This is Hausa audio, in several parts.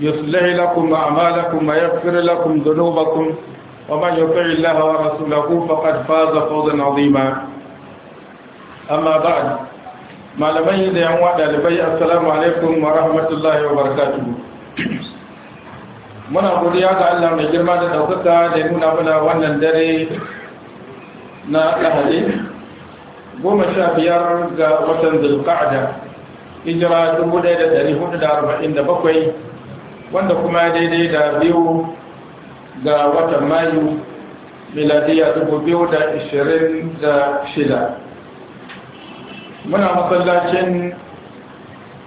يصلح لكم أعمالكم ويغفر لكم ذنوبكم ومن يطع الله ورسوله فقد فاز فوزا عظيما أما بعد ما لم يجد ينوى لبي السلام عليكم ورحمة الله وبركاته من muna godiya ga Allah mai girma da ɗaukaka da nuna mana wannan dare na lahadi goma sha biyar ga watan zulqa'da hijira 1447 wanda kuma daidai da biyu ga watan mayu miladiya shida. muna masallacin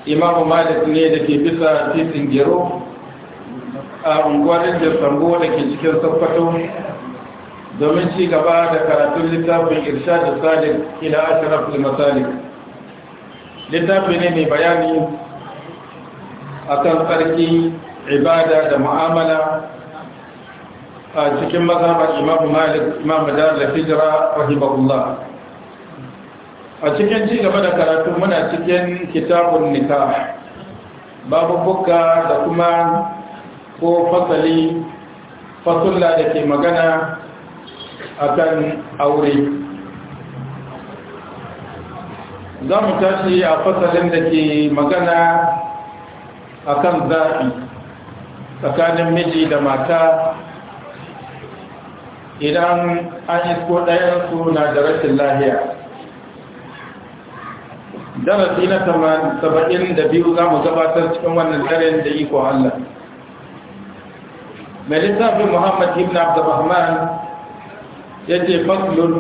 imamu malik ne da ke bisa titin gero a unguwarin jirsango da ke cikin sabbato domin ci gaba da karatun littafin irsha da salik ila ashraf masalik littafi ne mai bayani akan tsarki ibada da mu'amala a cikin mazhabar imam malik imam da hijira rahimahullah a cikin ci gaba da karatu muna cikin kitabun nikah babu bukka da kuma ko fasali fasulla da ke magana kan aure za mu tashi a fasalin da ke magana akan zafi. tsakanin miji da mata idan an yi isko ɗayansu na da rashin lahiya darasi na saba'in da biyu za mu gabatar cikin wannan daren da iko Allah mai littafin muhammad ibn abdurrahman ya ce faslun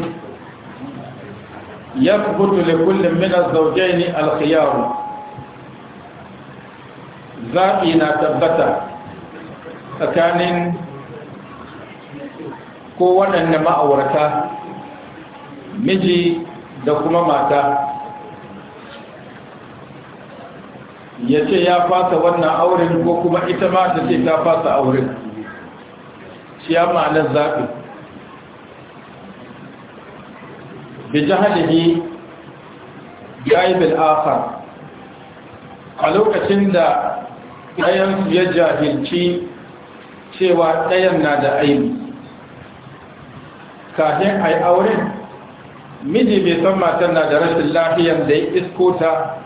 ya kubutu da kullum minas zaujai ne alkhiyaru zaɓi na tabbata tsakanin ko waɗanda ma'aurata miji da kuma mata ya ce ya fasa wannan auren ko kuma ita ma ta ce ta fasa auren shi ya ma'anar zaɓi bi ya yi akhar a lokacin da su ya jahilci cewa ɗayan na da aini kafin a yi auren miji mai san matan na da rashin lafiyan da ya isko ta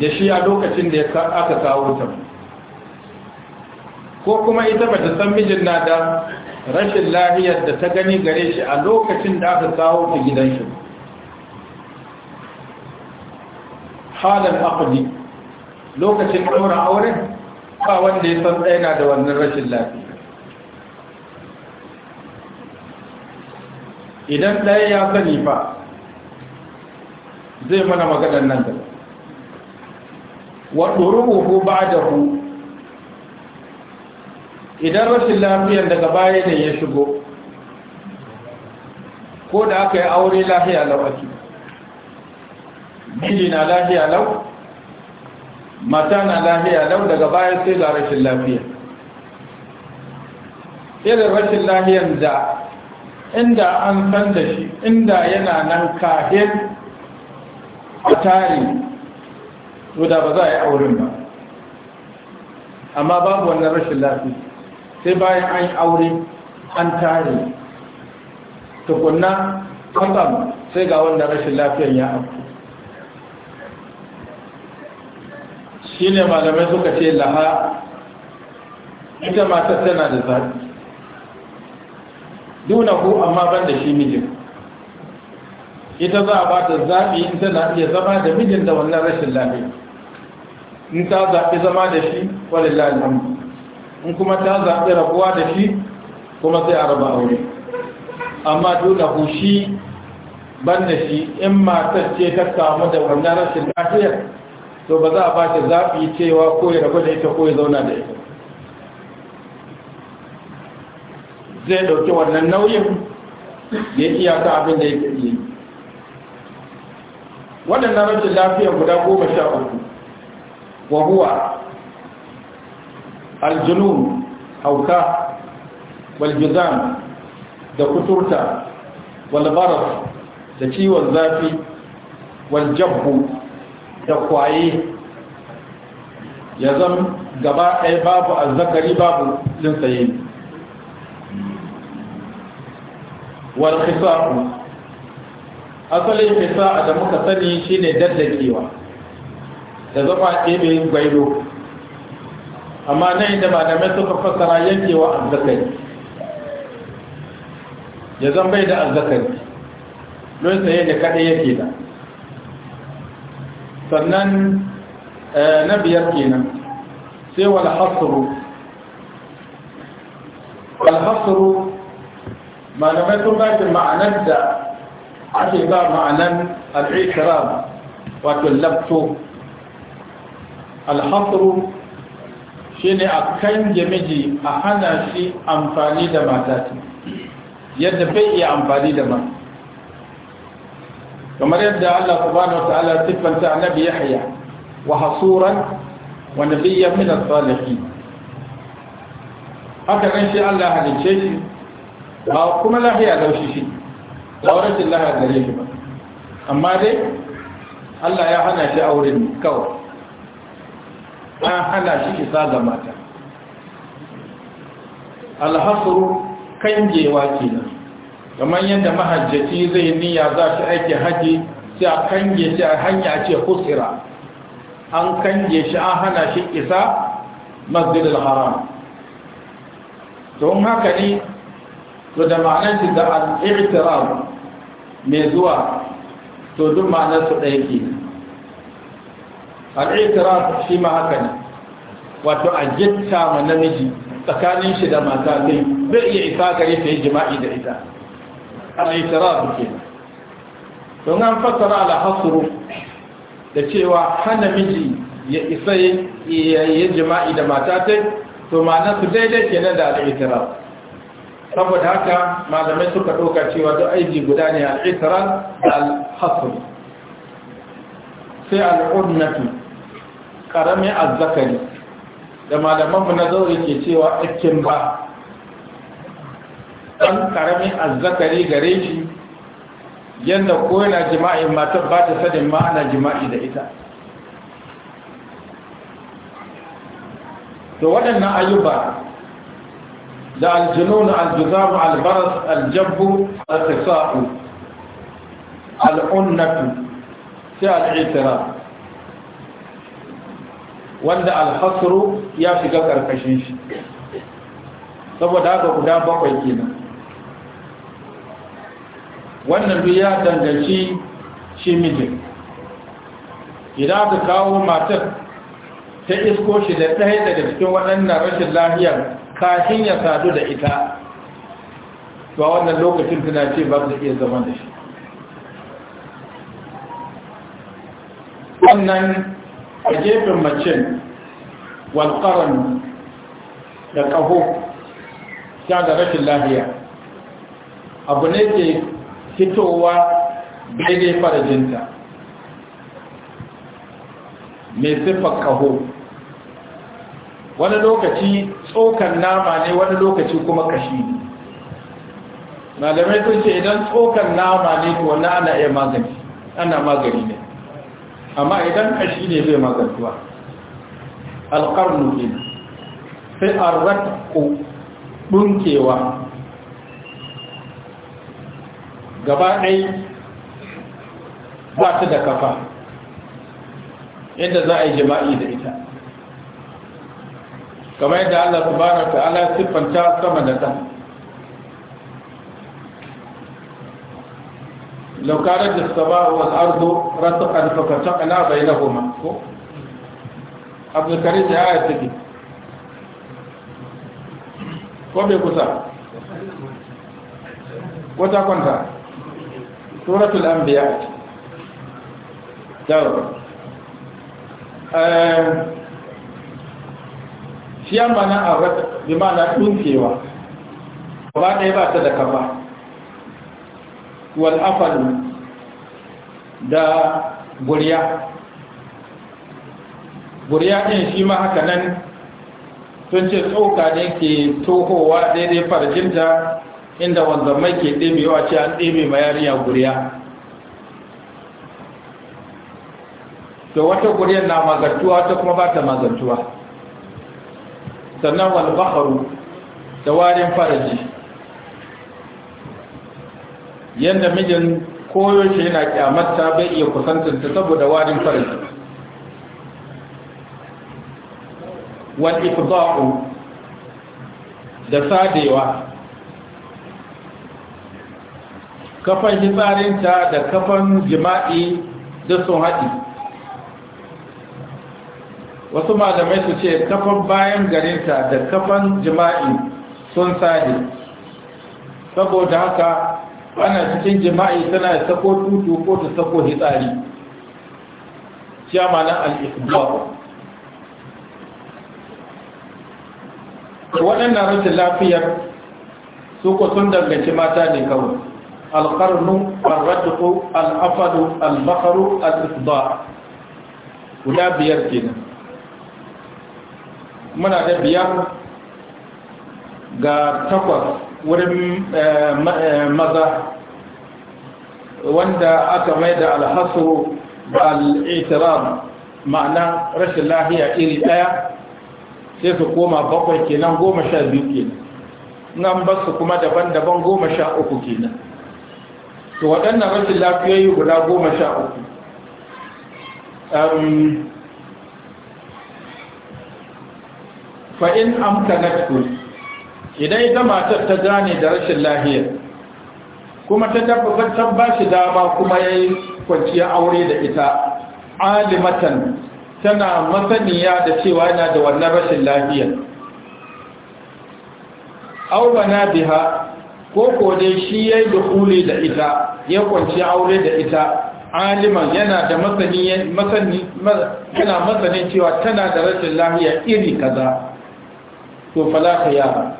da shi a lokacin da aka kawo ta ko kuma ita ba ta san mijin na da rashin lafiyar da ta gani gare shi a lokacin da aka kawo ta gidan shi halin akwai lokacin ɗora auren ba wanda ya san ɗaya da wannan rashin lafiya idan ɗaya ya sani fa zai mana maganar nan da wa ko ba da ku. idan rashin lafiyar daga baya ne ya shigo ko da aka yi aure lafiya lau ake miji na lafiya lau mata na lafiya lau daga baya sai ga rashin lafiya irin rashin lafiyan da inda an san da shi inda yana nan kahin a tari to da ba za a yi auren ba amma babu wannan rashin lafiya sai bayan an yi aure an tare tukunna kwatsam sai ga wanda rashin lafiyan ya abu shi ne malamai suka ce laha ita matar tana da zaɓi duna ku amma ban da shi mijin ita za a ba ta zaɓi in tana iya zama da mijin da wannan rashin lafiya in ta zaɓi zama da shi wani lalimu in kuma ta zaɓi rabuwa da shi kuma sai a raba aure amma duna ku shi ban da shi in matar ce ta kamu da wannan rashin lafiyar to ba za a ba shi zafi cewa ko ya rabu da ita ko ya zauna da ita zai ɗauki wannan nauyin ya iyaka abin da ya ke yi waɗannan rashin lafiya guda goma sha uku wa huwa aljunun hauka waljizan da kuturta walbaras da ciwon zafi waljabbu da kwaye ya zan gaba ɗaya babu azzakari babu tsaye. wal khisa'u asalin khisa'a da muka sani shine daddakewa da zama ɗebe gwaido amma nan da malamai suka fassara yankewa azzakari ya zan bai da azzakari don tsaye da kaɗai yake da sannan eh, na biyar kenan sai wal hasru wal malamai sun ba ma'anar da ake ba ma'anar al'ikiram wato labto alhasru shi ne a kan miji a hana shi amfani da mata yadda bai iya amfani da mata kamar yadda Allah subhanahu wa ta'ala siffanta annabi Yahya wa hasuran wa nabiyyan min as-salihin haka nan shi Allah halice shi ba kuma lahiya laushi shi lauratin lahiya gare shi ba amma dai Allah ya hana shi auren kawai an hana shi isa ga mata alhasuru kangewa kenan kamar yadda mahajjaci zai niyya za shi aiki haji sai a kange shi a hanya ce kusira an kange shi an hana shi isa masjid haram don haka ne to da ma'anar shi da Al al'irtirar mai zuwa to duk ma'anar su ɗaya ke al'irtirar shi ma haka ne wato a jitta ma namiji tsakanin shi da mata sai zai iya isa gare shi jima'i da ita al'itirazu ke don an fassara al'asuru da cewa hana miji ya isa ya jima'i da mata ta to ma'ana su daidai kenan da al'itirazu saboda haka malamai suka ɗauka cewa duk aiki guda ne al'itirazu da al'asuru sai al'urnatu ƙaramin azzakari da malamanmu na zaure ke cewa ɗakin ba ɗan ƙaramin azzakari gare shi yadda ko yana jima'in matar ba ta sanin ma ana jima'i da ita to waɗannan ayyuba da aljinun aljuzamu albaras aljabbu alfisa'u al'unnatu sai al'itira wanda alhasru ya shiga ƙarƙashin shi saboda haka guda bakwai kenan wannan duk ya danganci shi mijin idan aka kawo matar ta isko shi da ɗaya daga cikin waɗannan rashin lafiyar kashin ya sadu da ita ba wannan lokacin tana ce ba su iya zama da shi wannan a gefen macin walƙaran da ƙaho ta da rashin lafiya abu ne ke fitowa daidai farajinta mai siffar kaho wani lokaci tsokan nama ne wani lokaci kuma kashi ne malamai sun ce idan tsokan nama ne to wani ana iya magani ana magani ne amma idan kashi ne zai magantuwa alƙarnu ne sai arratku ɗunkewa gaba ɗai ba ta da kafa inda za a yi jima'i da ita kamar yadda Allah subhanahu ala siffanta sama da ta law kana as-sama'u wal ardu ala bai na goma? ko abu da ya aya take ko bai kusa kwata kwanta suratul anbiya yau eh, shi yan mana a wata bi mana dunkewa ba ɗaya ba ta da kafa Walafal da buriya buriya ɗin shi ma haka nan sun ce tsoka ne ke tohowa daidai farjinta inda wanzamai ke ɗebewa ce an ɗebe ma yarinya guriya to wata guriyar na magantuwa ta kuma ba ta magantuwa sannan wani bakaru da warin faraji yadda mijin koyaushe yana kyamata bai iya kusantinta saboda warin faraji wani ifza'u da sadewa kafan hitsarinta da kafan jima'i da sun haɗi wasu malamai su ce kafan bayan garinta da kafan jima'i sun sadi saboda haka ana cikin jima'i tana da sako tutu ko ta sako hitsari na al'isbawa waɗannan rashin lafiyar su kusan sun danganci mata ne kawai القرن الرجق الأفد البقر الإفضاء ولا بيركنا من هذا بيار ga takwas wurin maza wanda aka mai da alhasu al'itiram ma'ana rashin lahiya iri ɗaya sai su koma bakwai kenan goma sha biyu kenan nan ba su kuma daban-daban goma sha uku kenan to waɗannan rashin lafiyayyu guda goma sha uku fa'in amkanat ku idan ita matar ta gane da rashin lafiyar. kuma ta tabbatar ba shi dama kuma ya yi kwanciyar aure da ita alimatan tana masaniya da cewa yana da wannan rashin lahiyar na biha ko ko dai shi ya yi dukuli da ita ya kwanci aure da ita aliman yana da masani masanin cewa tana da rashin lahiya iri kaza to falaka yara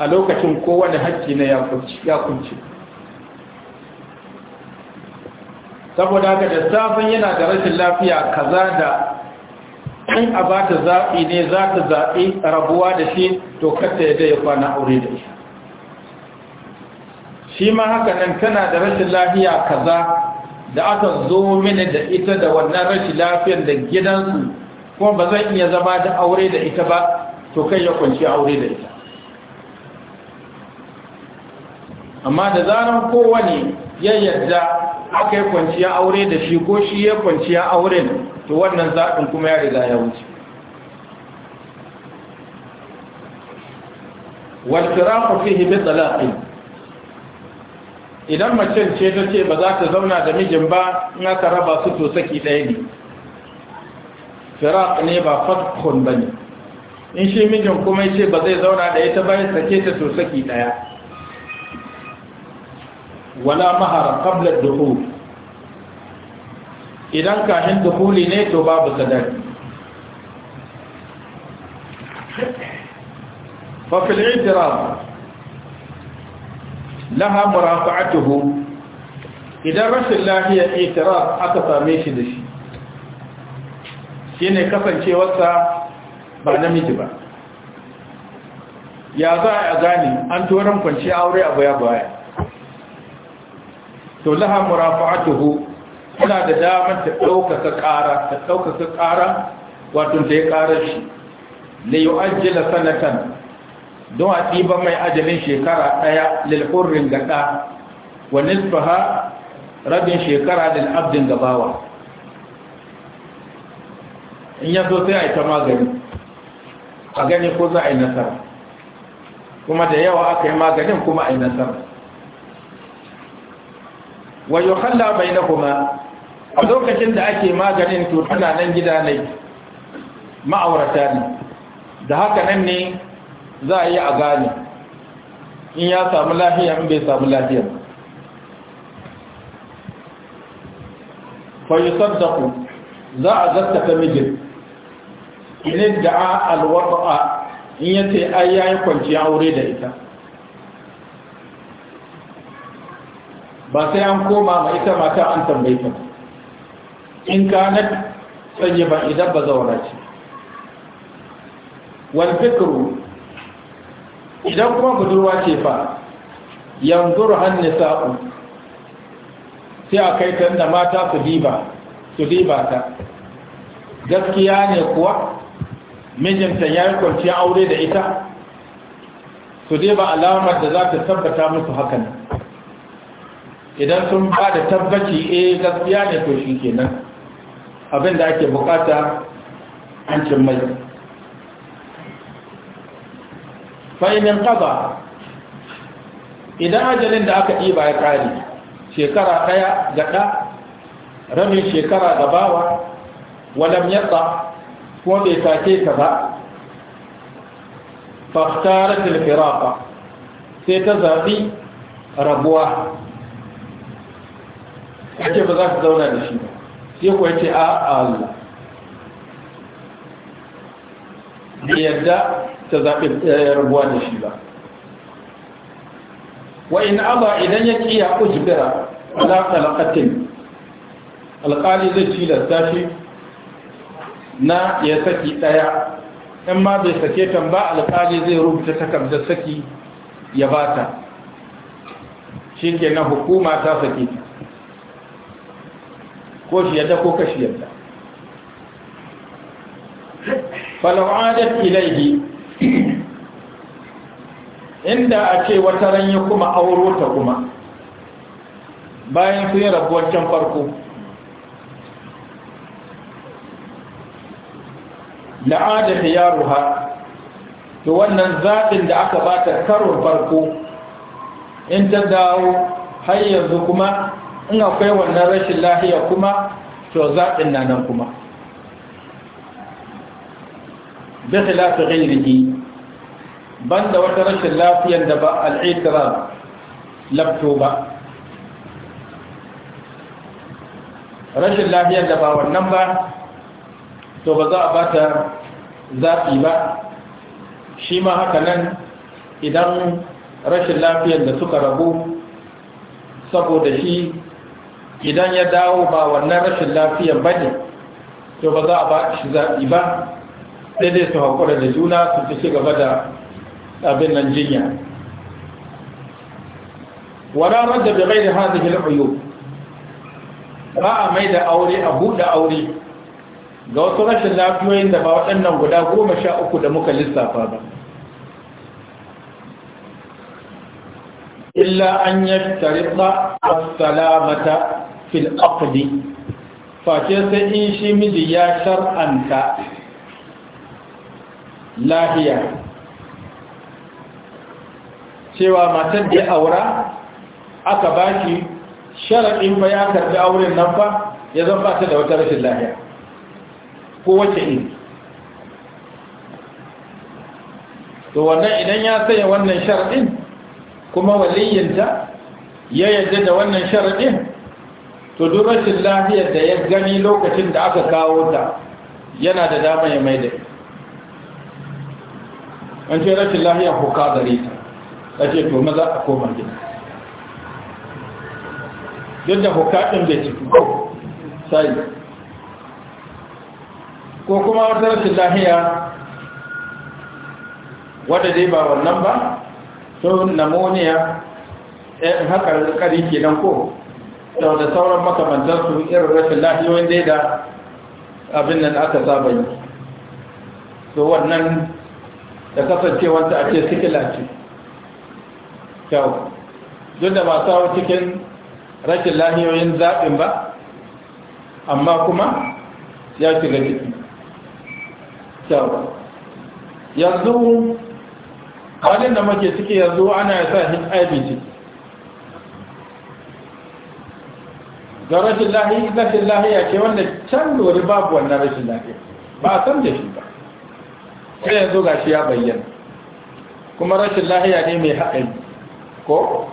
a lokacin kowane hajji na ya kunci saboda haka da safin yana da rashin lafiya kaza da in a ba ta zaɓi ne za ta zaɓi rabuwa da shi to kata ya zai kwana aure da shi shi ma haka nan tana da rashin lafiya kaza da aka zo mini da ita da wannan rashin lafiyar da gidansu kuma ba zan iya zama da aure da ita ba to kai ya kwanci aure da ita amma da zaran kowane ya yarda aka yi kwanciya aure da shi ko shi ya kwanciya auren to wannan zaɓin kuma ya riga ya wuce fi فيه بطلاق idan macen ce ta ce ba za ta zauna da mijin ba in aka raba su to saki ɗaya ne firaq ne ba fatkun ba ne in shi mijin kuma ce ba zai zauna da ita bayan sake ta to saki ɗaya wala mahara qabla dukhul idan kashin dukuli ne to babu sadaki fafil itiraf laha murafa'atuhu idan rashin lafiyar itiraf aka same shi da shi shine kasancewarsa ba namiji ba ya za a gani an turan kwanci aure a baya-baya to laha murafa'atuhu Kuna da damar ta ɗaukaka ƙara ta ɗaukaka ƙara wato da ya ƙara shi da yi ajiyar sanatan don a ɗiba mai ajalin shekara ɗaya ga gaɗa wa nisfaha rabin shekara da abdin gabawa in zo sai a yi ta magani a gani ko za a yi nasara kuma da yawa aka yi maganin kuma a yi nasara yi halla bai na kuma a lokacin da ake maganin to tana nan gida ne ma'aurata ne da haka nan ne za a yi a gane in ya samu lafiya in bai samu lafiya fa yi saddaku za a zartaka mijin in da a alwata in ya ce ai ya yi kwanciya aure da ita ba sai an koma ma ita mata an tambaye ta ba in kanat ba idan ba zaura ce wal fikru idan kuma budurwa ce fa yanzuru han nisa'u sai a kai ta da mata su diba su diba ta gaskiya ne kuwa mijinta ya yi kwanciyar aure da ita su diba alamar da za ta tabbata musu hakan idan sun ba da tabbaci eh gaskiya ne to shi kenan abin da ake bukata hancin mai fa'inin kaba idan ajalin da aka ɗiba ya ƙari shekara ɗaya ga ɗa rabin shekara da bawa walam yatsa ko bai take ka ba fahtara filfirafa sai ta zaɓi rabuwa ake ba za su zauna da shi ba sai kuwa ce a alu bai yadda ta zaɓi eh, rabuwa da shi ba wa in aba idan ya ƙiya ujbira ala talaqatin alƙali zai ci shi na ya saki ɗaya in ma bai sake ta ba alƙali zai rubuta takardar saki ya bata shi ke na hukuma ta ta? ko shi yadda ko kashi yadda falawa'adar ilaihi inda a ce wata ranye kuma auro ta kuma bayan sun yi rabuwar can farko la'ada ta yaro ha to wannan zaɓin da aka bata karon farko in ta dawo har yanzu kuma in akwai wannan rashin lahiya kuma to zaɓin na nan kuma bisa lafi ghairihi banda wata rashin lafiyar da ba al'itira lafto ba rashin lafiyar da ba wannan ba to ba za a ba ta zaɓi ba shi ma haka nan idan rashin lafiyar da suka rabu saboda shi idan ya dawo ba wannan rashin lafiyan ba ne to ba za a ba shi zaɓi ba sai su haƙura da juna su fi gaba da abin nan jinya wala radda bai ghairi hadhihi al-uyub ba a mai da aure a buɗe aure ga wasu rashin lafiyoyin da ba waɗannan guda goma sha uku da muka lissafa ba illa an yi tarifta a salamata fil aqdi face sai in shi miji ya shar'anta lahiya cewa matar da aura aka bashi, shar'in fa ya karbi auren nan fa, ya zan ba ta da wata rashin lahiya ko wace in to wannan idan ya saya wannan shar'in kuma waliyinta ya yadda da wannan shar'in to duk rashin lafiyar da ya gani lokacin da aka kawo ta yana da dama ya mai da an ce rashin lafiyar huka gare ta ta ce to maza a koma gina duk da huka ɗin bai ciki ko sai ko kuma wata rashin lafiya wadda dai ba wannan ba sun namoniya ɗin eh, haka ke kenan ko sau da sauran makamantarsu irin rashin lafiyoyin dai da abin nan aka saba yi so wannan da kasancewarta a ce sikila ce kyau duk da ba sawo cikin rashin lahiyoyin zaɓin ba amma kuma ya shiga jiki. kyau yanzu halin da muke ciki yanzu ana ya sa hiv ciki Ga rashin lahiya rashin lahiya ce wanda can lori babu wannan rashin lahiya ba a san da shi ba sai yanzu ga shi ya bayyana kuma rashin lahiya ne mai haɗin ko?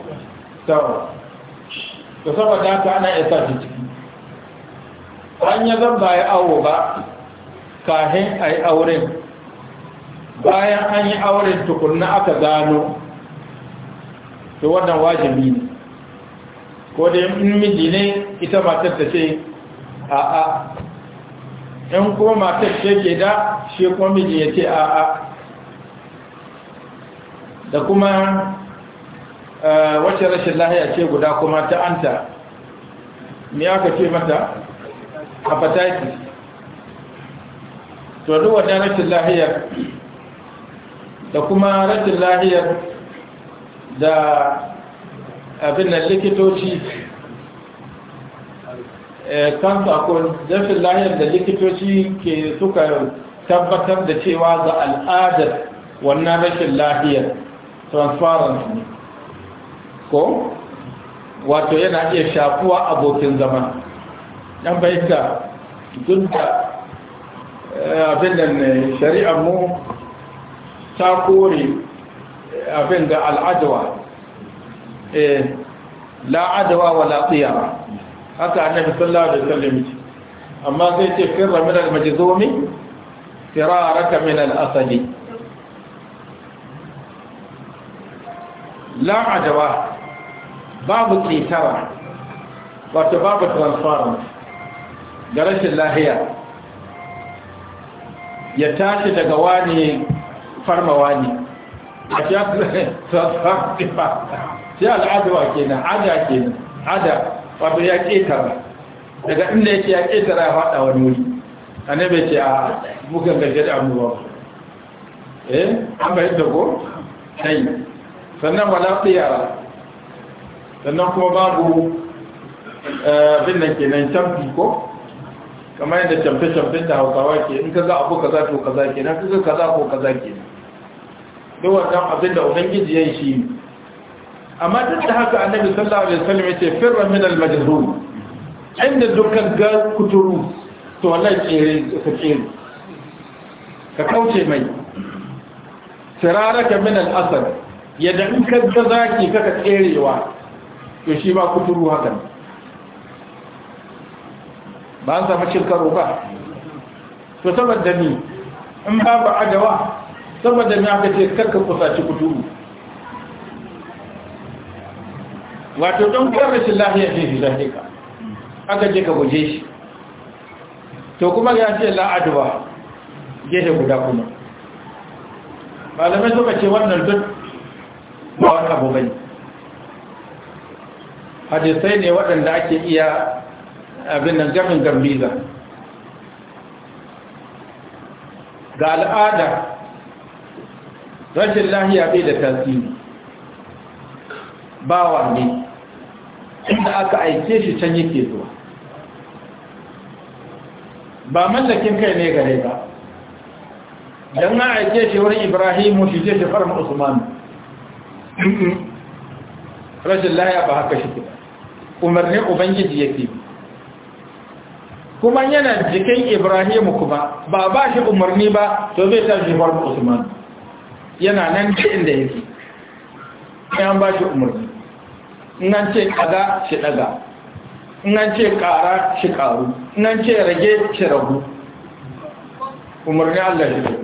sau da saboda haka ana isa shi ciki an ya zan ba ya awo ba kahin a yi auren bayan an yi auren tukunna aka gano to wannan wajibi ne ko da in miji ne ita matar ta ce a a in kuma matar ce ke da shi kuma miji ya ce a a da kuma eh, wacce rashin lahiya ce guda kuma ta anta mai aka ce mata hepatitis to duk da rashin lahiyar da kuma rashin lahiyar da abin nan likitoci eh, ko akwai zafin lahiyar da likitoci ke suka tabbatar da cewa ga al'adar wannan rashin lahiyar transparent ko wato yana iya shafuwa abokin zama ɗan bayyanta duk da eh, abin da shari'ar mu ta kore abin da al'adawa Eh, la adawa wa la tsiyara haka annabi sallallahu alaihi wasallam ce amma sai ce firra min al-majzumi firaraka min al-asali La'adawa babu tsitara wato babu transference Garashin lahiya ya tashi daga wani farma wani a shafi transference sai al'adawa kenan ada kenan ada wato ya ketara daga inda yake ya ketara ya faɗa wani wuri annabi ce a mukan gargaɗi annuwa eh an bayyana ko sai sannan wala tsiyara sannan kuma babu eh, abin nan kenan tabbi ko kamar yadda camfe-camfen da hausawa ke in ka za abu kaza to kaza kenan ga kaza ko kaza kenan duk wannan abin da ubangiji ya yi shi ne amma duk da haka annabi sallallahu alaihi wasallam yace firra min al majhul inda dukkan ga kuturu to wallahi tsere ka tsere ka kauce mai siraraka min al asad yadda in ka ga zaki kaka tserewa to shi ba kuturu haka ba an samu cin karo ba to saboda ni in babu adawa saboda ni aka ce karka kusaci kuturu wato don kuwar rashin lahiya ne fi ka, aka je ka guje shi to kuma ya ce la'aduwa gefe guda kuma malamai suka ce wannan duk ba wani abu bai hadisai ne waɗanda ake iya abin nan gamin gambiza ga al'ada rashin lahiya bai da tasiri wa ne inda aka aike shi can yake zuwa ba mallakin kai ne gare ba don na aike shi wurin ibrahimu shi je shi farma usmanu rashin laya ba haka shi kira umarnin ubangiji ya fi kuma yana jikin ibrahimu kuma ba ba shi umarni ba to zai tashi farma usmanu yana nan ce inda yake ya ba shi umarni nan ce kaga shi daga nan ce kara shi karu nan ce rage shi ragu umarni Allah shi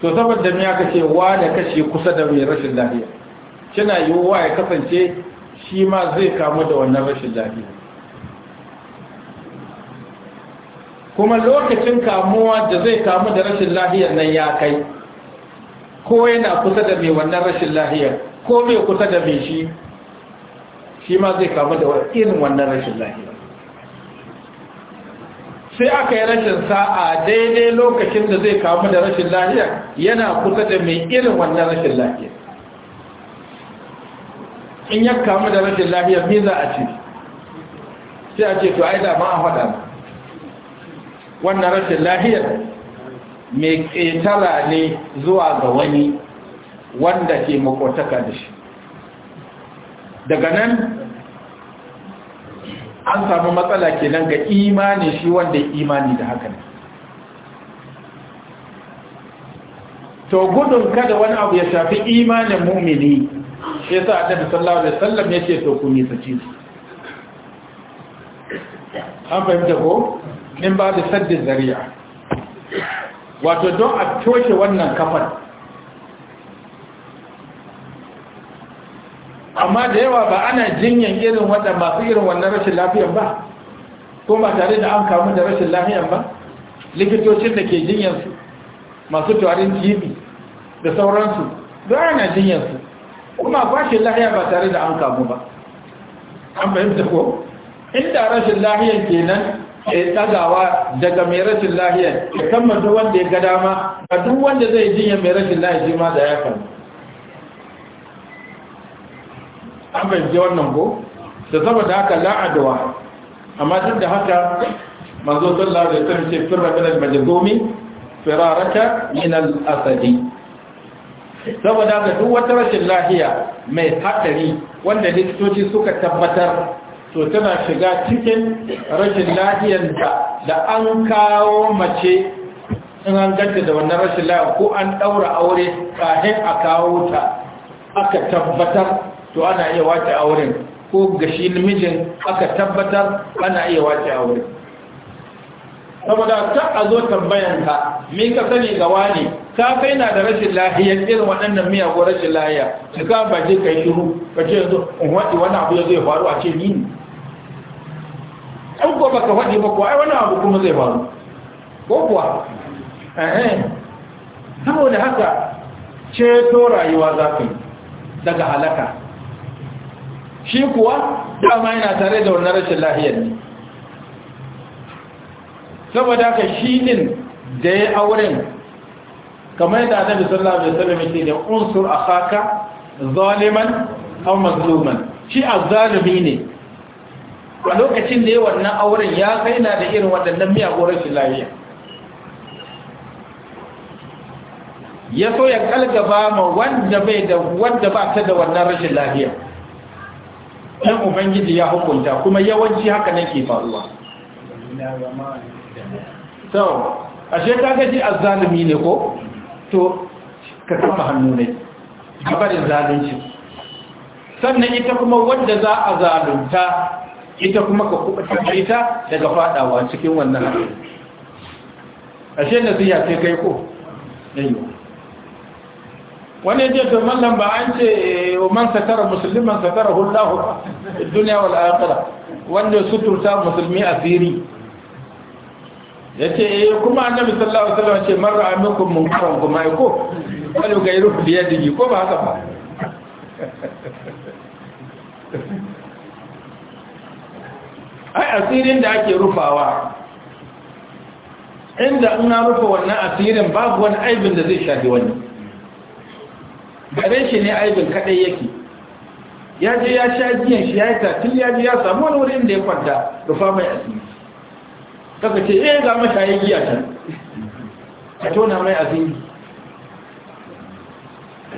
to saboda miya ka ce wa da kashe kusa da mai rashin lafiya kina yiwuwa ya kasance shi ma zai kamu da wannan rashin lafiya kuma lokacin kamuwa da zai kamu da rashin lafiyar nan ya kai ko yana kusa da mai wannan rashin lahiyar ko mai kusa da mai shi shi ma zai kamu da irin wannan rashin lahiyar sai aka yi rashin sa'a daidai lokacin da zai kamu da rashin lahiyar yana kusa da mai irin wannan rashin lahiyar in ya kamu da rashin lahiyar mai za a ce sai a ce to ai da ma a faɗa wannan rashin lahiyar mai ƙetara ne zuwa ga wani wanda ke makotaka da shi daga nan an samu matsala kenan ga imani shi wanda imani da haka ne to gudun kada wani abu ya shafi imanin mumini shi yasa annabi sallallahu alaihi ya ce to ku nisa ci an fahimta ko in ba da saddin zari'a wato don a toshe wannan kafar amma da yawa ba ana jinyan irin wadda masu irin wannan rashin lafiyan ba ko ba tare da an kamu da rashin lafiyan ba likitocin da ke jinyansu masu tuwarin tv da sauransu don ana jinyansu kuma kwashin lafiya ba tare da an kamu ba an fahimta ko inda rashin lahiyan kenan ya tagawa daga mai rashin lahiyar ya kammata wanda ya ga dama a duk wanda zai jinya mai rashin lahiyar shi ma da ya kan an fahimci wannan ko da saboda haka la'adawa amma duk da haka mazo sallallahu alaihi ta ce firra min al-majzumi firaraka min al-asadi saboda haka duk wata rashin lahiya mai haɗari wanda likitoci suka tabbatar to tana shiga cikin rashin lafiyanta da an kawo mace in an ganta da wannan rashin lafiya ko an ɗaura aure kafin a kawo ta aka tabbatar to ana iya wace auren ko gashi namijin aka tabbatar ana iya wace auren saboda ta a zo tambayanka me ka sani ga wani ka kai na da rashin lahiya irin waɗannan ko rashin lahiya shi ka baje kai shiru ka ce yanzu in waɗi wani abu ya zai faru a ce ni ne an ko baka faɗi ba ko wani abu kuma zai faru ko kuwa saboda haka ceto rayuwa za ka yi daga halaka shi kuwa dama yana tare da wannan rashin lahiyar ne saboda haka shi din da ya auren kamar yadda annabi sallallahu alaihi wasallam yake da unsur akaka zaliman aw mazluman shi azzalimi ne a lokacin da ya wannan auren ya kai na da irin waɗannan miyagun rashin lafiya ya so ya kalgaba ma wanda bai da wanda ba ta da wannan rashin lafiya ɗan ubangiji ya hukunta kuma yawanci haka nan ke faruwa so ashe ka gaji zalimi ne ko to ka kama hannu ne barin zalunci sannan ita kuma wanda za a zalunta ita kuma ka kuɓuta ita daga faɗawa cikin wannan haɗari ashe nasiha sai kai ko ɗanyo wani je to mallan ba an ce eh, man satara musulman satara hullahu duniya wal akhira wanda suturta musulmi asiri yace eh kuma annabi sallallahu alaihi wasallam ce marra aminkum munkaran kuma ai ko kalu gairu biyadigi ko ba haka ba ai asirin da ake rufawa inda ina rufa wannan asirin babu wani aibin da zai shafi wani gare shi ne aibin kadai yake ya je ya sha giyan shi ya yi tatil ya ji ya samu wani wurin da ya kwanta rufa mai asiri kaka ce eh ga masha ya giya ta a tona mai asiri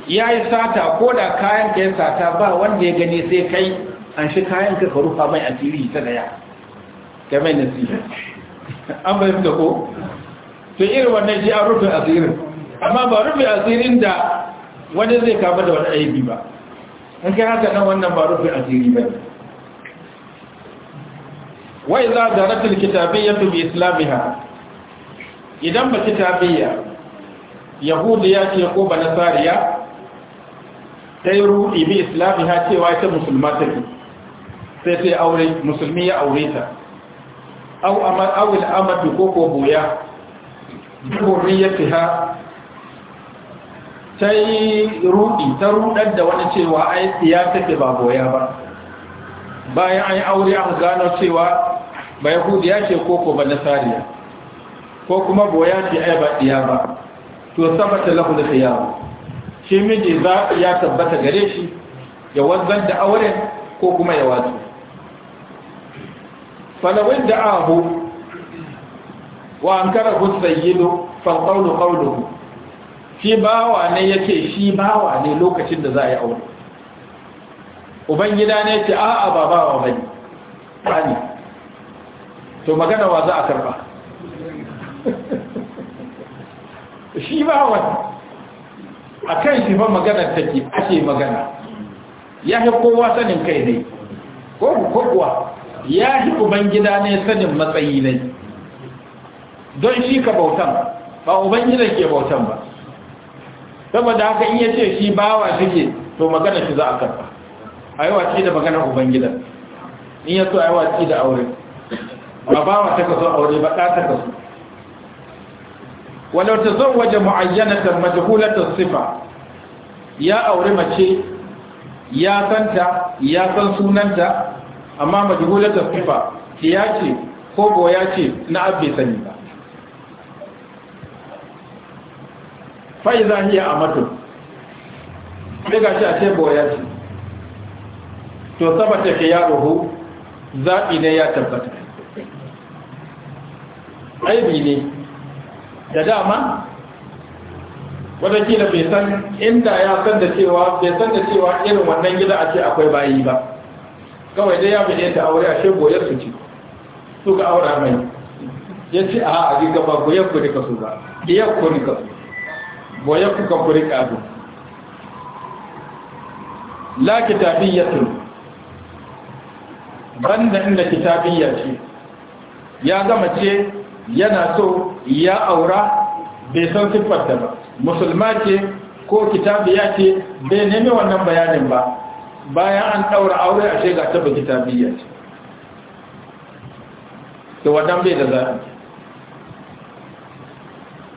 ya yi sata ko da kayan ka ya sata ba wanda ya gani sai kai an shi kayan ka rufa mai tiri ta daya ga mai nasiha an bayan da ko to irin wannan shi an rufe asirin amma ba rufe asirin da wani zai kama da wani aibi ba in kai haka nan wannan ba rufe asiri ba ne wai za a zaratul kitabiyya tu bi islamiha idan ba yahudu ya ce ko ba nasariya ta yi ruɗi bi islamiha cewa ta musulma take sai sai aure musulmi ya aure ta au amal amatu ko ko boya dhurriyatiha sai rudi ta rudar da wani cewa ai ya take ba boya ba bayan an aure an gano cewa ba ya ce ko ko ba nasariya ko kuma boya ce ai ba diya ba to sabata lahu da tiya shi miji za ya tabbata gare shi ya wazzan da auren ko kuma ya wato falawin da ahu wa an kara husayyido falƙaunu ƙaunuhu shi bawa ne ya ce shi bawa ne lokacin da za yi aure ubangida ne ce a'a ba bawa bane bane to magana za a karba shi bawa a kan shi ba magana take ake magana ya fi kowa sanin kai ne ko kuwa ya ji ubangida ne sanin matsayi ne don shi ka bautan ba ubangida ke bautan ba saboda haka in ya ce shi bawa shige to magana shi za a karba a yi wace da maganar ubangida in ya so a yi wace da aure ba bawa ta kaso aure ba ɗa ta kaso walau ta zo waje mu'ayyanatar majhulatar sifa ya aure mace ya santa ya san sunanta amma majhulat sifa ya ce ko ya ce na abbe sani ba fa idza hiya amatu ga shi a ce ya ce to sabata khiyaruhu zabi ne ya tabbata aibi ne da dama watakila bai san inda ya san da cewa bai san da cewa irin wannan gida a ce akwai bayi ba kawai dai ya mijin ta aure a shebo ya su ci su ka aura mai ya ce a haɗi gaba goyon goyar ku rika su ba biyar kuri ka su goyar ka kan La rika ya la Ban banda inda ya ce ya gama ce yana so ya aura bai san ta ba musulma ce ko kitabiya ce bai nemi wannan bayanin ba bayan an ɗaura aure a shega ta baki ta biya ce to wadan bai da zaɓi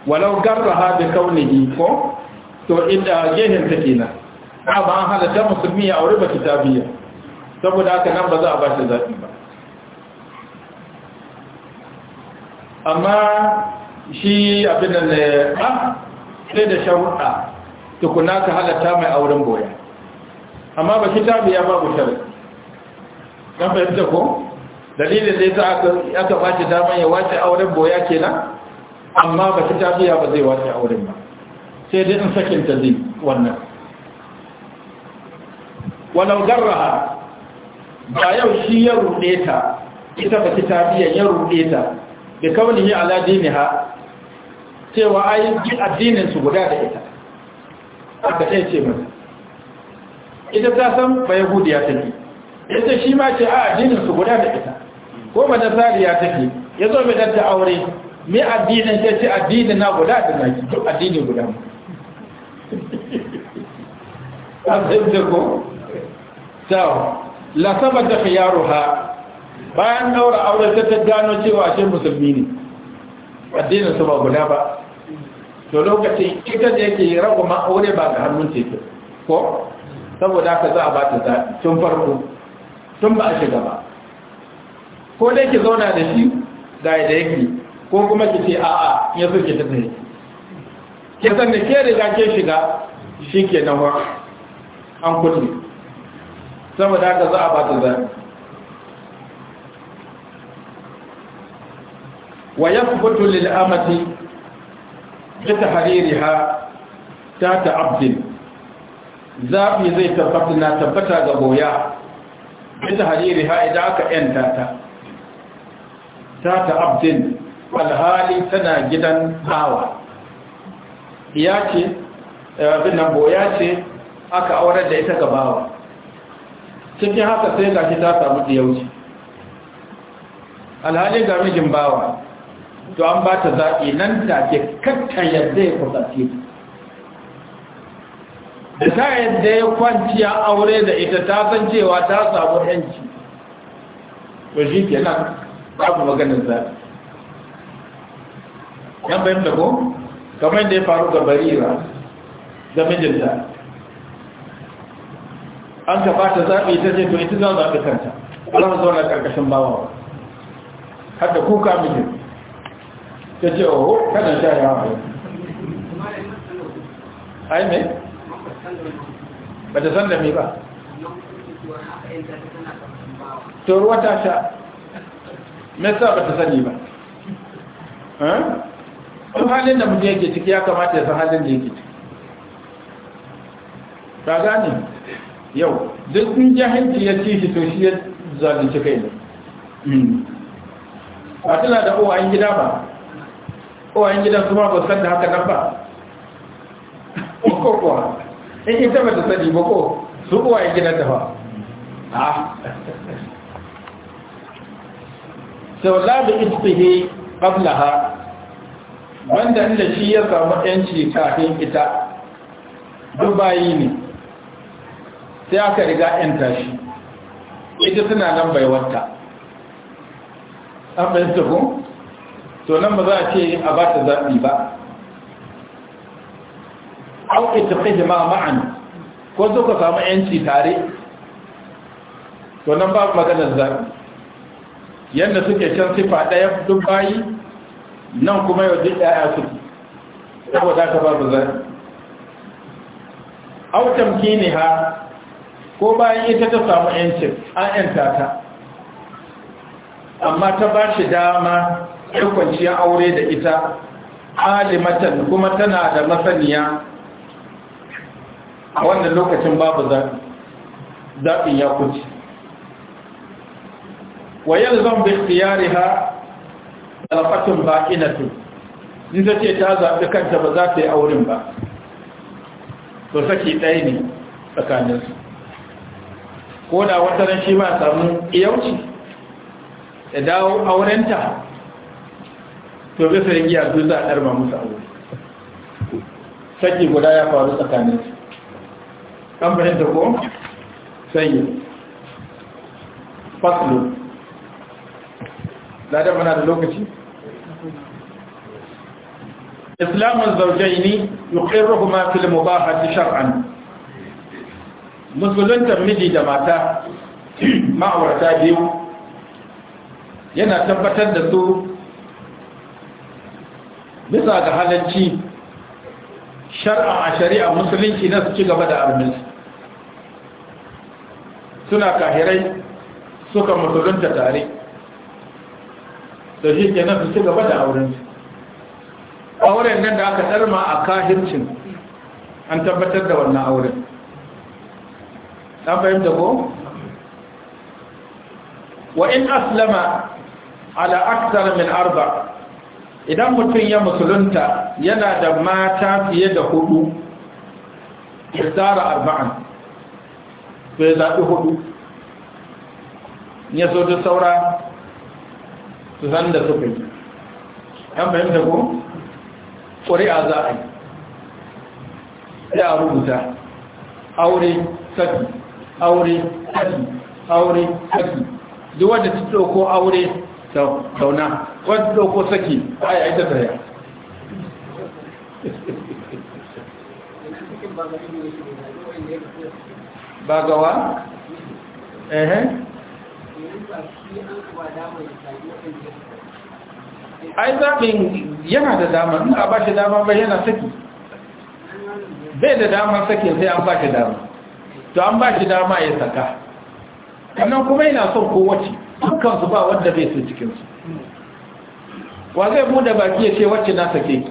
walau garra ha da kaunihi ko to inda gehen ta kenan ba ba an halatta musulmi ya aure baki ta biya saboda haka nan ba za a ba shi zaɓi ba amma shi abin da ne eh, ba ah, sai da sharuɗa tukuna ka halatta mai auren boya amma ba kitabi ya babu sharadi kan fahimta ko dalilin da yasa aka aka bace daman ya wace auren boya kenan amma ba kitabi ya ba zai wace auren ba sai dai in sakin ta zai wannan walau garra ba yau shi ya rude ta ita ba kitabiyan ya rude ta bi kawlihi ala ha, cewa ai addinin su guda da ita aka ce ce mata ita ta san ba yahudiya take ita shi ma ce a addinin su guda da ita ko ba ya take ya zo mai dadda aure me addinin ta ce addinin na guda da naki to addini guda azab da ko ta la sabata khiyaruha bayan daura aure ta ta gano cewa shi musulmi ne addinin su ba guda ba to lokacin ita da yake rago ma aure ba ga hannun teku ko saboda haka za a ba ta zaɓi tun farko tun ba a shiga ba ko dai ki zauna da shi ga yadda yake ko kuma ki ce a'a ya so ki tafi ki san da ke riga ke shiga shi ke na wa an kudi saboda haka za a ba ta zaɓi wa yasbutu lil amati hariri ha ta ta abdin Zafi zai tabbata na tabbata ga goya inda hariri ha idan aka ‘yanta ta ta ta abdin alhali tana gidan hawa ya ce eh, nan goya ce aka aurar da ita ga bawa cikin haka sai gashi ta samu ɗiyauci alhali ga mijin bawa to an ba ta zaɓi nan take kakkan yadda ya kusa ta da ta yadda ya ya aure da ita ta san cewa ta samu yanci to shi ke nan babu maganin zaɓi yan bayan da ko kamar da ya faru ga barira da mijinta an ka fata zaɓi ta ce to ita za zaɓi kanta Allah zaune na ƙarƙashin bawa har kuka mijin ta ce oho kanan sha yawa ai ba ta san da me ba to ruwa ta sha me sa ba ta sani ba ɗan eh? halin da mutum yake ciki ya kamata ya san halin da yake ciki ka gane yau duk in jahilci ya ci shi to shi ya zalunci kai ne hmm. ba tana da uwayen gida ba uwayen gidan su ma ba san da haka nan ba ko kuwa in ita ba ta sani ba ko su kuwa ya gina ta ba a ah. sau la da istihe qablaha wanda inda shi ya samu yanci kafin ita dubayi ne sai aka riga yanta shi ita suna nan wata an fahimta ko to ba za a ce a ba ta zaɓi ba au itqihima ma'an ko suka samu yanci tare to nan ba maganar zabi yanda suke can sifa daya duk bayi nan kuma yau duk ɗaya su saboda ka babu zabi au ha, ko bayan ita ta samu yanci an yanta ta amma ta ba shi dama ya kwanciya aure da ita alimatan kuma tana da masaniya a wannan lokacin babu zaɓi zaɓin ya kuce wa yalzam bi ikhtiyariha talaqatun baqinatun in ta ce ta zaɓi kanta ba za ta yi auren ba to saki ɗaya ne tsakaninsu ko da wata ran shi ma samu iyauci da dawo aurenta to bisa yin giya duk za a ɗarma musu aure saki guda ya faru tsakaninsu kan fahimta ko sanyi fasilu ladar mana da lokaci islamun zaujai ne yukairu kuma filimu ba hajji shar'an musulunta miji da mata ma'aurata biyu yana tabbatar da su bisa ga halarci shar'a a shari'a musulunci na su ci gaba da arminsu suna kahirai suka musulunta tare da shi kenan su ci gaba da aurensu auren nan da aka tsarma a kahircin an tabbatar da wannan auren ta fahimta ko? wa in aslama ala aktar min arba idan mutum ya musulunta yana da mata fiye da hudu ya tsara arba'an, to ya zaɓi hudu ya so ta saura su san da suka yi an fahimta ko ƙuri'a za a yi ya rubuta aure saki aure saki aure saki duwanda ta ɗauko aure zauna wanda ko saki ai ai ta tsaya ba gawa ehe ai zaɓin yana da dama in a ba shi dama bai yana saki bai da dama saki sai an ba shi dama to an ba shi dama ya saka sannan kuma yana son kowace dukkansu ba wanda bai so cikin wa zai bude baki ya ce wacce na sake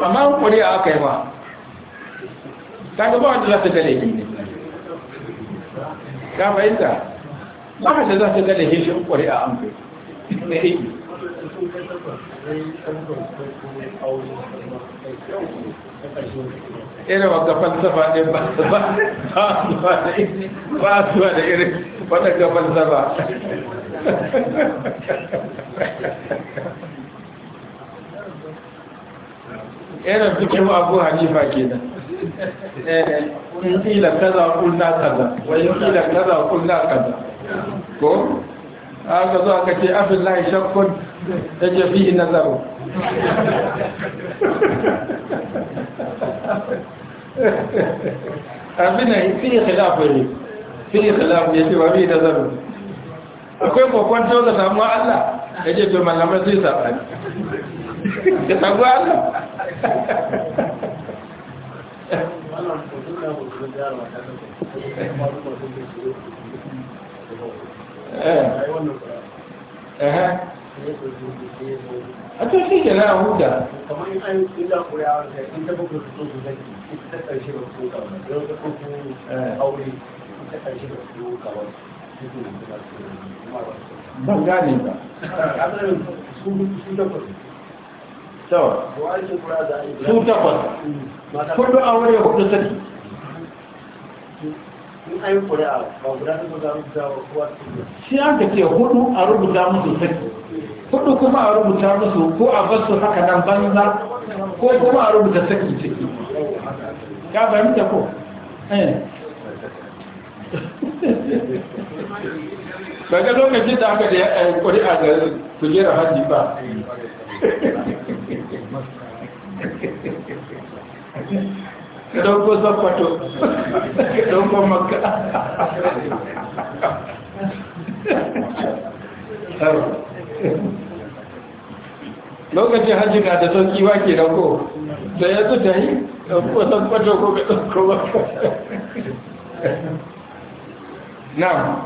amma an a aka yi ba ta ga wanda za ta gane shi ne ka fahimta ba ka ta za ta gane shi in a an ne iki irin wa safa ɗin ba su ba da irin faɗa gaban zaba irin cikin abu hanifa kenan eh, in kila kaza kulna kaza wa in kila kaza kulna kaza ko aka zo aka ce afin lahi shakkun da ke fi nazaru abinan fi khilafin fili ikhlam ya ce ba bi zaru akwai kokon da samuwa Allah ya ce to malamai sai sabani ya Allah eh. Eh. Eh. a to shi ke na huda kamar yi aure ban gane ba su takwas kudu aure hudu sani shi an ka ce hudu a rubuta musu sani hudu kuma a rubuta musu ko a basu haka nan banza ko kuma a rubuta saki ciki Ya fahimta ko eh daga lokacin da aka da ya ɗaya ƙuri'a da tujera hajji ba ka ɗauko zafato ka ɗauko maka lokacin hajji na da sauki wa ke ɗauko da ya su yi ɗauko zafato ko ka ɗauko maka na'am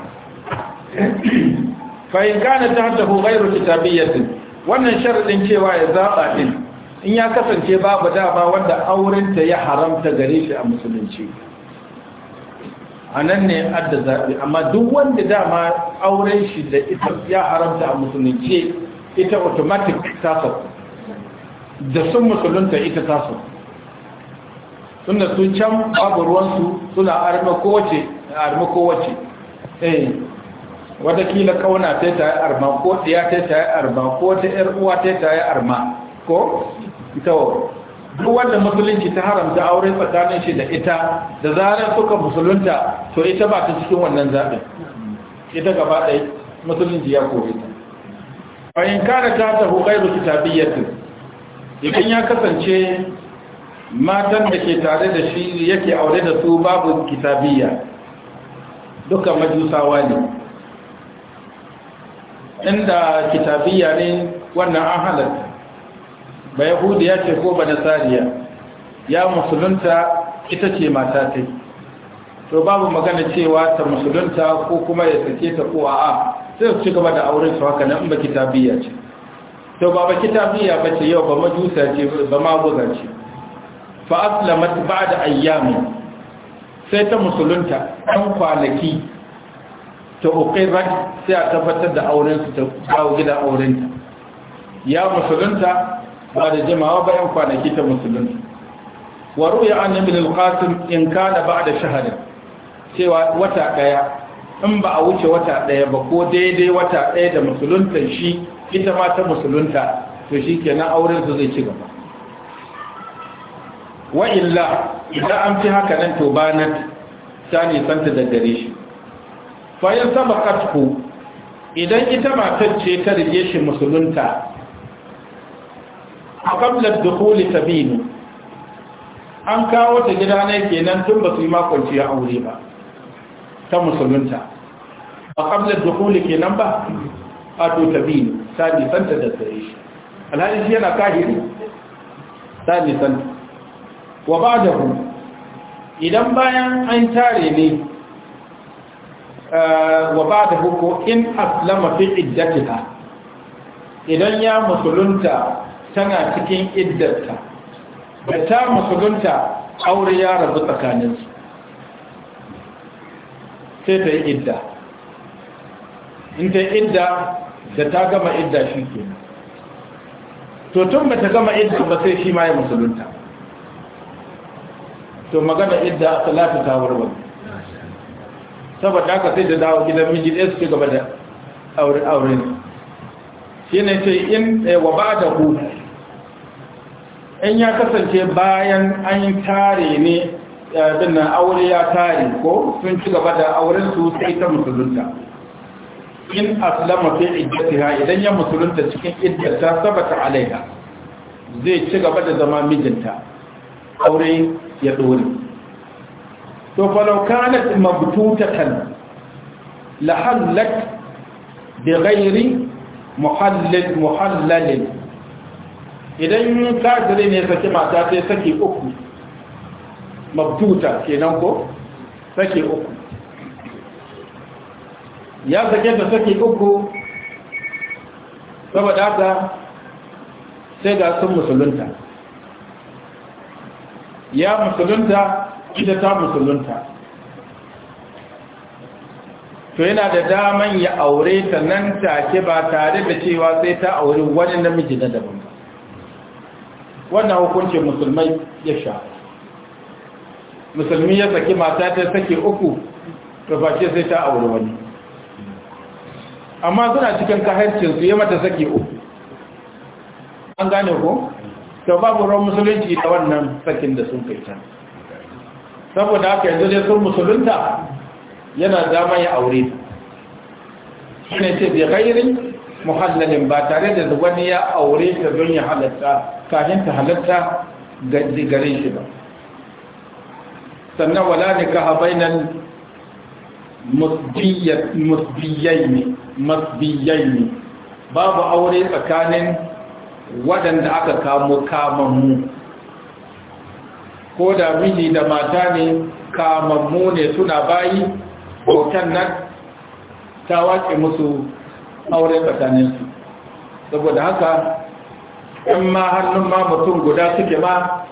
fa in kana tahtahu ghayru kitabiyyatin wannan sharadin cewa ya zaba din in ya kasance babu dama wanda auren ta ya haramta gare shi a musulunci a nan ne adda zaɓi amma duk wanda dama auren shi da ita ya haramta a musulunci ita automatic ta sauku da sun musulunta ita ta sauku tunda sun can babu ruwansu suna arma kowace eh watakila kauna ta ta yi arma ko ɗiya ta ta yi arma ko ta ‘yar uwa ta ta yi arma ko? ita wa? duk wanda musulunci ta haramta aure tsakanin shi da ita da zarar suka musulunta to ita ba ta cikin wannan zaɓin ita gaba ɗaya, musulunci ya kore ta a yin kare ta ta hukairu kitabiyyatin idan ya kasance matan da ke tare da shi yake aure da su babu kitabiyya duka majusawa ne inda kitabiyya ne wannan an halatta ba ya ce ko ba nasariya ya musulunta ita ce mata ta to babu magana cewa ta musulunta ko kuma ya sake ta ko a'a sai su ci gaba da auren su haka nan ba kitabiyya ce to ba ba kitabiyya ba ce yau ba majusa ce ba ma ce fa aslamat ba'da ayyami sai ta musulunta ɗan kwanaki ta ukirar sai a tabbatar da aurensu ta kawo gida aurenta ya musulunta ba da jimawa bayan kwanaki ta musulunta wa ruya an nabi al in kana ba da shaharin cewa wata daya in ba a wuce wata daya ba ko daidai wata daya da musulunta shi ita ma ta musulunta to shikenan auren su zai ci gaba wa illa idan an fi haka nan to ba nan ta nisanta da gare shi fayan sama katku idan ita matar ce ta rige shi musulunta a kamlar dukuli sabinu an kawo ta gida ne kenan tun ba su yi makwanci a aure ba ta musulunta a kamlar dukuli kenan ba a to tabinu ta nisanta da gare shi alhaji yana kahiri ta nisanta wa ba da hu idan bayan an tare ne eh, wa ba da hu ko in aslama fi iddatika idan ya musulunta tana cikin iddarta, da ta musulunta aure ya rabu tsakaninsu sai ta yi idda in ta yi idda da ta gama idda shi ke to tun ba ta gama idda ba sai shi ma ya musulunta ba. to magana idda salatu ta warware saboda haka sai da dawo gidan miji ɗaya suke gaba da aure aure ne shi ne sai in eh, wa ba da ku in ya kasance bayan an yi tare ne eh, nan aure ya tare ko sun ci gaba da auren su sai ta musulunta in aslama fi iddatiha idan ya musulunta cikin iddata sabata alaiha zai ci gaba da zama mijinta aure ya dore to falau kanat mabtutatan la hallat bi ghairi muhallal muhallal idan kafire ne saki mata sai saki uku mabtuta kenan ko saki uku ya sake da saki uku saboda haka sai ga sun musulunta ya musulunta ita ta musulunta to yana da daman ya aure ta nan take ba tare da cewa sai ta aure wani namiji na daban wannan hukuncin musulmai ya sha musulmi ya saki mata ta sake uku to face sai ta aure wani amma suna cikin su ya mata sake uku an gane ko? to babu ruwan musulunci da wannan sakin da sun kai can saboda haka yanzu dai sun musulunta yana dama ya aure shine ce bi ghairi muhallalin ba tare da wani ya aure ta don ya halatta kafin ta halatta ga garin shi ba sannan wala haɓai nan musbiyai ne babu aure tsakanin waɗanda aka kamo kamammu ko da miji da mata ne kamammu ne suna bayi bautan nan ta wace musu aure tsakaninsu saboda haka in ma hannun ma mutum guda suke ma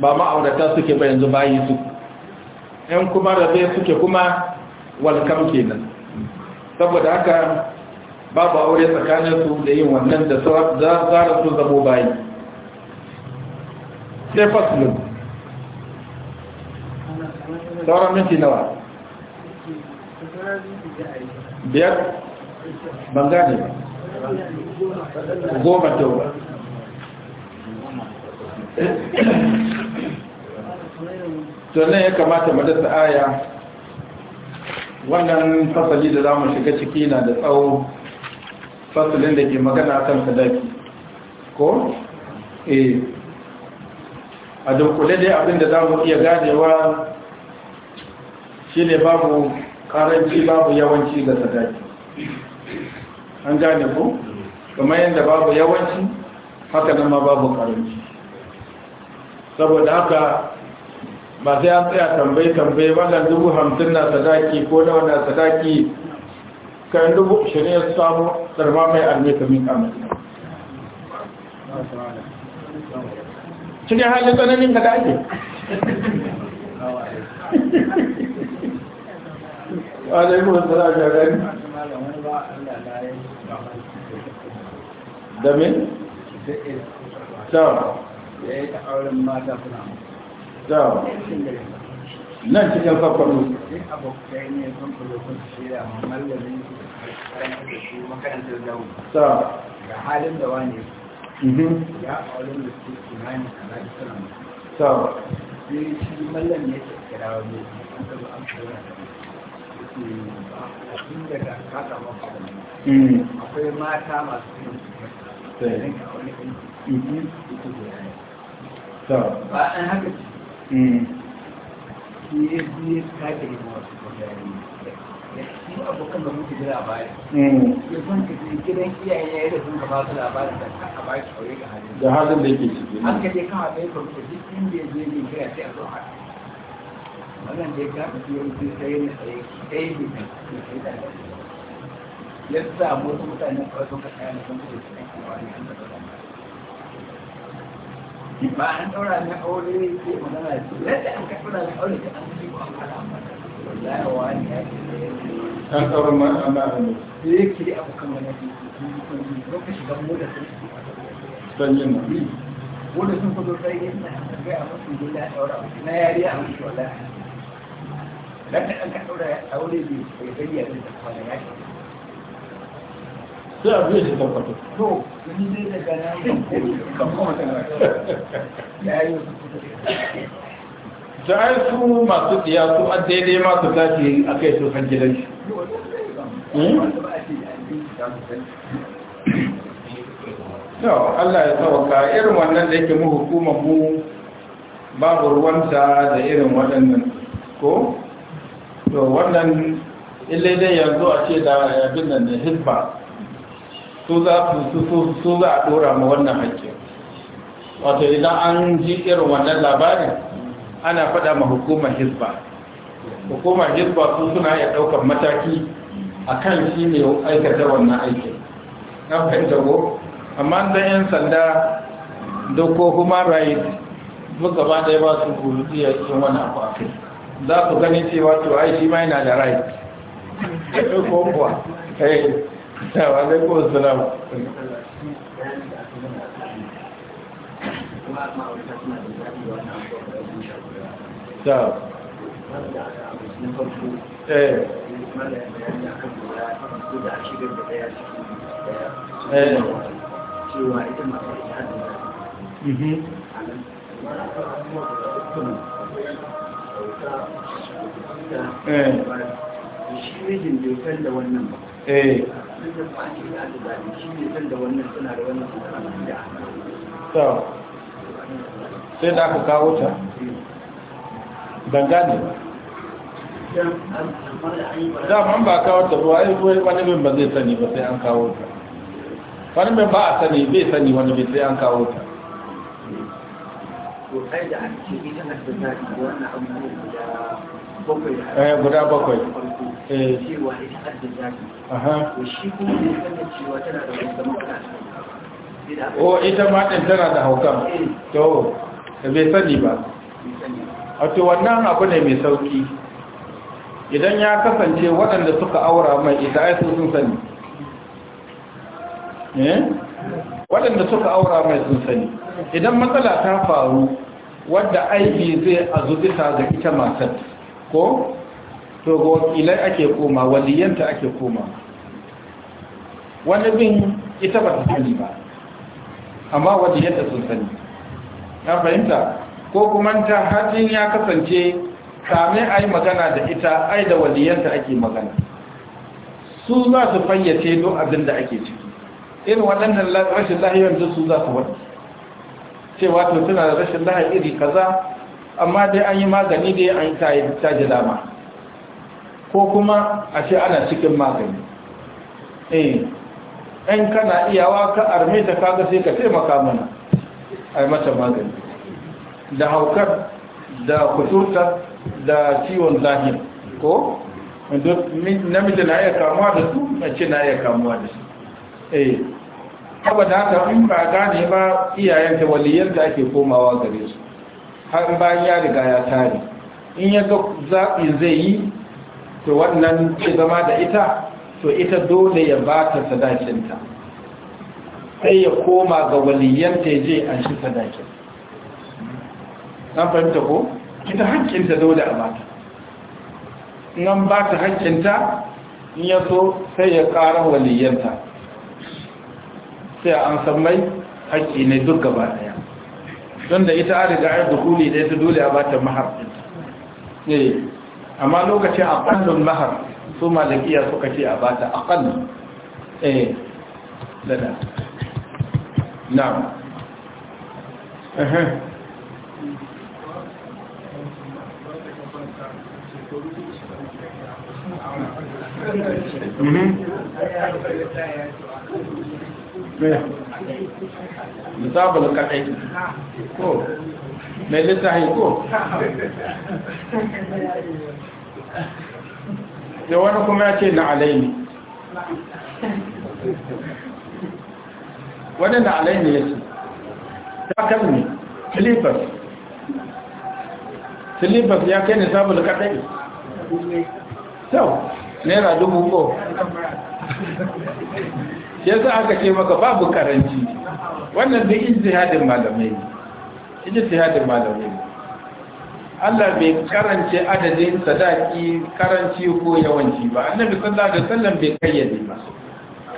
ba ma'aurata suke ba yanzu bayi su in kuma rabe suke kuma walkam kenan saboda haka babu aure su da yin wannan da zarar su zamo bayi sai fasulun sauran minti nawa biyar ban gane ba goma tauba tunan ya kamata madasa aya wannan fasali da za mu shiga ciki na da tsawo fasulin da ke magana kan sadaki ko e a dunkule dai abinda za mu iya ganewa shi ne babu karanci babu yawanci ga sadaki an gane ku kamar yadda babu yawanci haka nan ma babu karanci saboda haka ba sai an tsaya tambaye-tambaye wannan dubu hamsin na sadaki ko na wannan sadaki kan dubu shirin samu sarma mai alme ka miƙa mai cikin halin tsananin ka da ake da yi da ya yi ta auren mata suna nan cikin kwakwaro sai abokai ne sun da su makarantar dawo ga halin da mhm. wani ya mhm. mata masu yin su mhm. ba an haka sai ya biye sake da wasu mutane shi abokan da muke gida a baya eh. ya san ka je gidan iyayen ya da sun ka su labarin da ka ba shi ga halin da halin da yake ciki an ka je kama bai kwamfuta duk inda ya je ne kira sai a zo haka wannan da ya kafa su yau sai sai ne tsaye ɗaya ne da ke da ya samu wasu mutane kawai sun ka tsaya da sun da je cikin kuma da sun ka tsaya ba an daura ne aure ne ke magana ce yadda an ka daura ne aure ne an ci ko an fara wallahi wa ne ya ce an ma ne sai ki da abu kan wani lokaci shiga mota sai sanyin na wanda sun fito sai yin na ga a musu gida daura na yari a musu wallahi dan da an ka daura aure ne sai bayyana da kwana ya ce sai a biya to ni daga da su masu tsiya su an daidai masu zafi a kai su san gidan shi yau hmm? Allah ya sauka irin wannan da yake mu hukumar mu babu ruwanta da irin waɗannan ko to wannan illai dai yanzu a ce da abin nan da hisba su za su za a dora ma wannan hakki wato idan an ji irin wannan labarin ana faɗa ma hukumar hisba hukumar hisba su suna iya ɗaukar mataki a kan shi ne aikata wannan aikin na fahimta ko amma dan yan sanda doko human rights duka ba ɗaya ba su kurutu ya cikin wani abu za su gani cewa to ai shi ma yana da right ko kuwa eh. Wa alaikun salam. Ta. Eh. Eh. cewa ita masu ita da shi da wannan eh sai da aka kawo ta dangane daman ba kawo ta ruwa ai ruwa wani bin ba zai sani ba sai an kawo ta wani bin ba a sani bai sani wani bin sai an kawo ta guda bakwai Eh. cewa ita haddin shi kuma cewa tana da wata matsala oh, ma ɗin tana da eh. to bai sani ba a to wannan abu ne mai sauki idan ya kasance waɗanda suka aura mai ita ai su sun sani eh? waɗanda suka aura mai sun sani idan matsala ta faru wadda aibi zai azu ta ga ita matar ko to ga wakilai ake koma waliyanta ake koma wani bin ita ba ta sani ba amma waliyanta sun sani na fahimta ko kuma ta hajjin ya kasance same a yi magana da ita ai da waliyanta ake magana su za su fayyace don abin da ake ciki irin waɗannan rashin lahiyar da su za su wadda cewa to suna da rashin lahiyar iri kaza amma dai an yi magani dai an ta yi ta dama ko kuma a ce ana cikin magani eh in kana iyawa ka arme ta kaga sai ka taimaka mana a yi mata magani da haukar da kusurta da ciwon zahir ko namiji na iya kamuwa da su ce na iya kamuwa da su eh da haka in ba gane ba iyayenta waliyar da ake komawa gare su har bayan ya riga ya tare in ya ga zaɓi zai yi to wannan ke zama da ita to ita dole ya ba ta sadakinta sai ya koma ga waliyyanta ya je an shi sadakin an fahimta ko ita hankinta dole a ba ta nan ba ta hankinta in ya so sai ya ƙara waliyyanta, sai an san mai haƙƙi ne duk gaba ɗaya don da ita a riga ya dukuli da ita dole a ba ta mahar amma lokacin aqallul mahar su malikiya suka ce a bata aqall eh lada na'am mhm. eh misabul kaɗai ko mai littafi ko da wani kuma ya ce la'alai ne wani la'alai ne ya ce takalmi silifas silifas ya kai ne sabu da kaɗai sau naira dubu ko ya za aka ce maka babu karanci wannan da ijtihadin malamai ne ijtihadin malamai ne Allah bai karance adadin sadaki karanci ko yawanci ba annabi sallallahu alaihi wasallam bai kayyade ba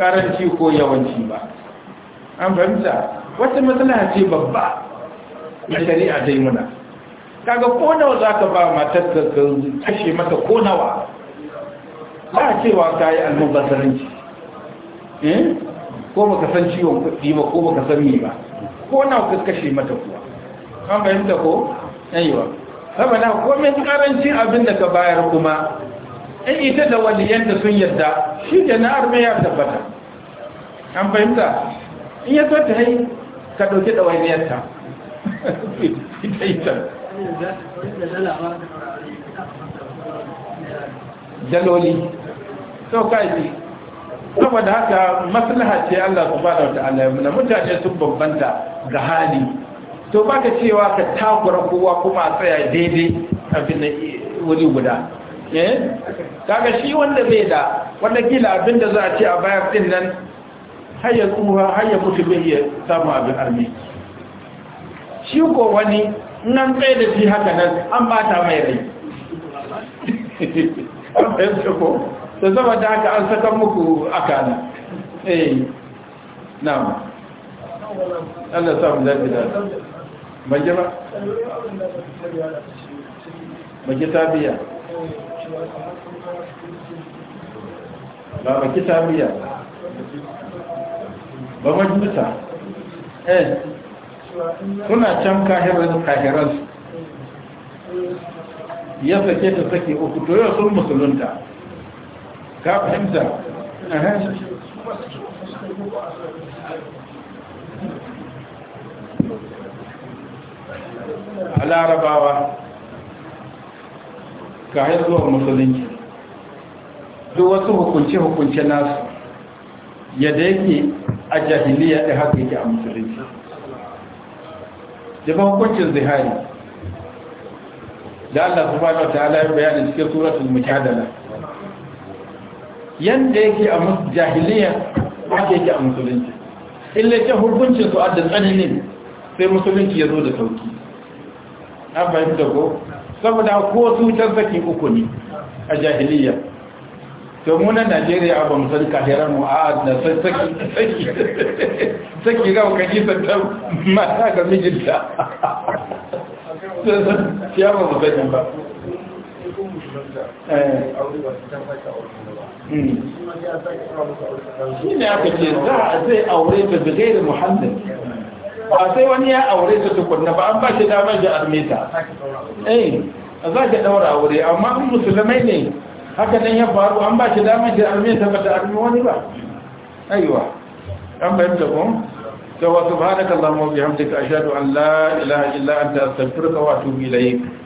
karanci ko yawanci ba an fahimta wata matsala ce babba na shari'a dai muna kaga ko nawa zaka ba matar ka kashe mata ko nawa ba cewa kai almubazzaranci eh ko baka san ciwon kuɗi ba ko baka san me ba ko nawa ka kashe mata kuwa an fahimta ko aiwa saboda komai karancin abin da ka bayar kuma in ita da waliyan da sun yadda shi da na ya tabbata an fahimta in ya zo ta hai ka ɗauki da yadda ita ita daloli so kaji saboda haka maslaha ce Allah subhanahu wa ta'ala mutane sun bambanta ga hali to ka cewa ka takura kowa kuma a tsaya daidai kafin na eh, wuri guda eh? kaga shi wanda bai da wanda kila abin da za a ce a bayar din nan har ya tsuha har ya mutu bai iya samu abin armi shi ko wani nan tsaye da shi haka nan an ta mai rai an ce ko to zama da haka an saka muku akana eh na'am Allah samu lafiya bage ba bage ta ba bage ta biya ba majuta eh suna can kahiran kahiran ya sake ta sake uku to yau sun musulunta ka fahimta a larabawa ga haizuwar musulunci duk wasu hukunce-hukunce nasu yadda yake a jahiliya da haka yake a musulunci da hukuncin zihari da Allah su fata ta halayen bayanin cikin suratun mujadala yanda yake a jahiliya haka yake a musulunci illa ta hukuncin su adda tsanini sai musulunci ya zo da sauki an fahimta ko saboda ko su saki uku ne a jahiliya to na najeriya abu musan kahiran mu a da saki saki saki ga kaji ta mata ga mijinta ya ba mu sani ba eh. hmm. shi ne aka ce za a zai aure ta da gairin muhammad ba sai wani ya aure ta tukunna ba an ba shi damar da armeta eh za ka daura aure amma in musulmai ne haka nan ya faru an ba shi damar da ta ba ta arme wani ba aiwa an bayyanta kun to ba subhanaka allahumma wa bihamdika ashhadu an la ilaha illa an anta astaghfiruka wa atubu ilayk